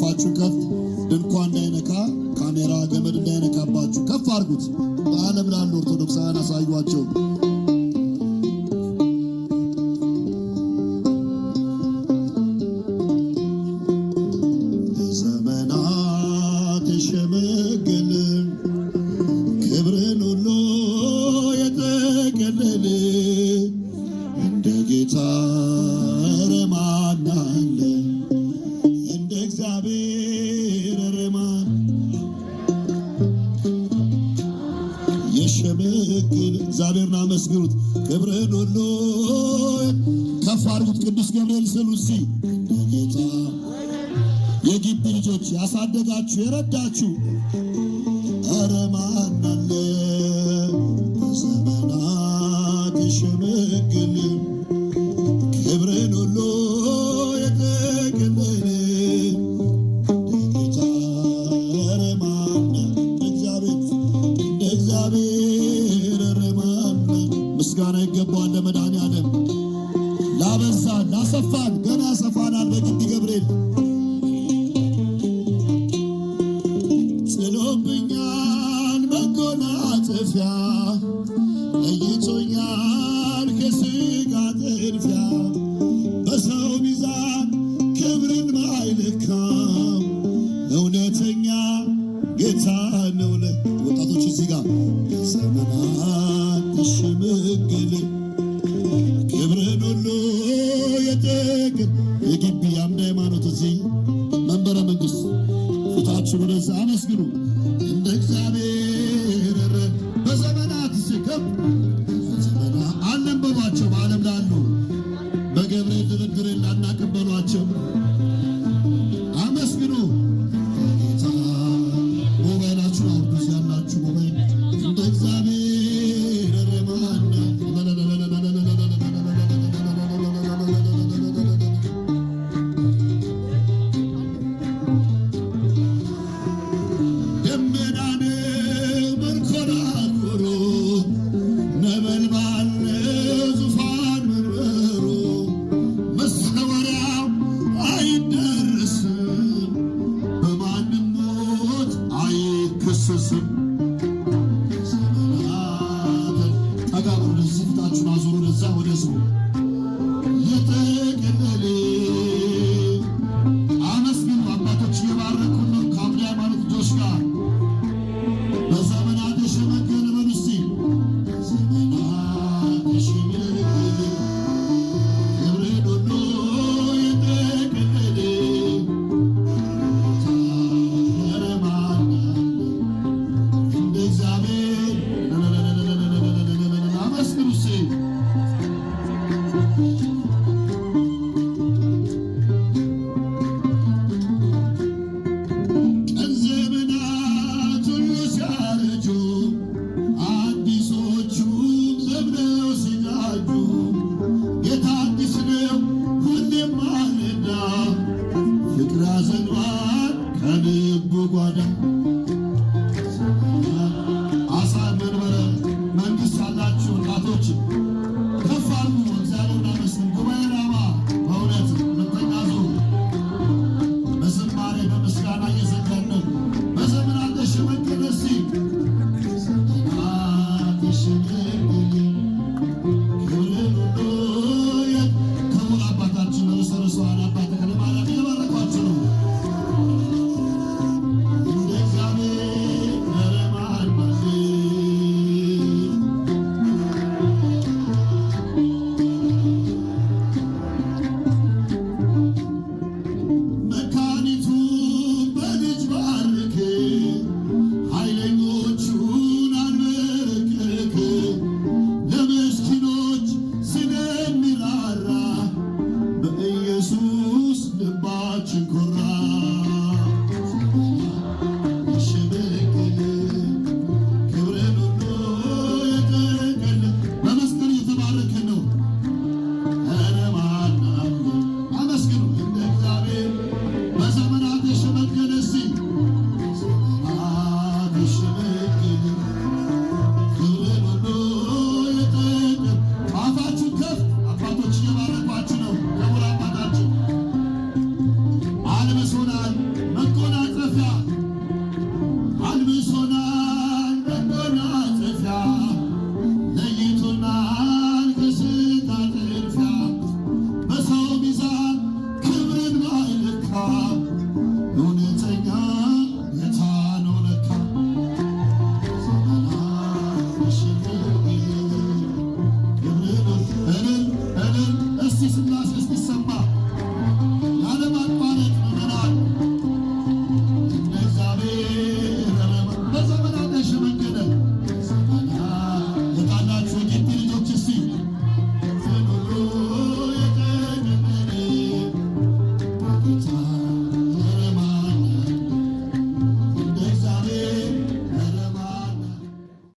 አፋችሁ ከፍት ድንኳ እንዳይነካ ካሜራ ገመድ እንዳይነካባችሁ ከፍ አድርጉት። በዓለም ላሉ ኦርቶዶክሳውያን ረማን የሸመግል እግዚአብሔርን አመስግኑት፣ ክብርን ሁሉ ከፍ አድርጉት። ቅዱስ ገብርኤል ስሉ ሲ ጌታ የግቢ ልጆች ያሳደጋችሁ የረዳችሁ ረማናለ ዘመናት የሸመግል እግዚአብሔር ረማን ምስጋና ይገባዋል ለመድኃኒዓለም ላበዛን ላሰፋን ገና ያሰፋናል በግቢ ገብርኤል ጥሎብኛል መጎናጸፊያ የተሸመገለ ክብርህን ሃይማኖት መንበረ መንግስት ፊታችን ወደዛ አመስግኑ። Suzuki.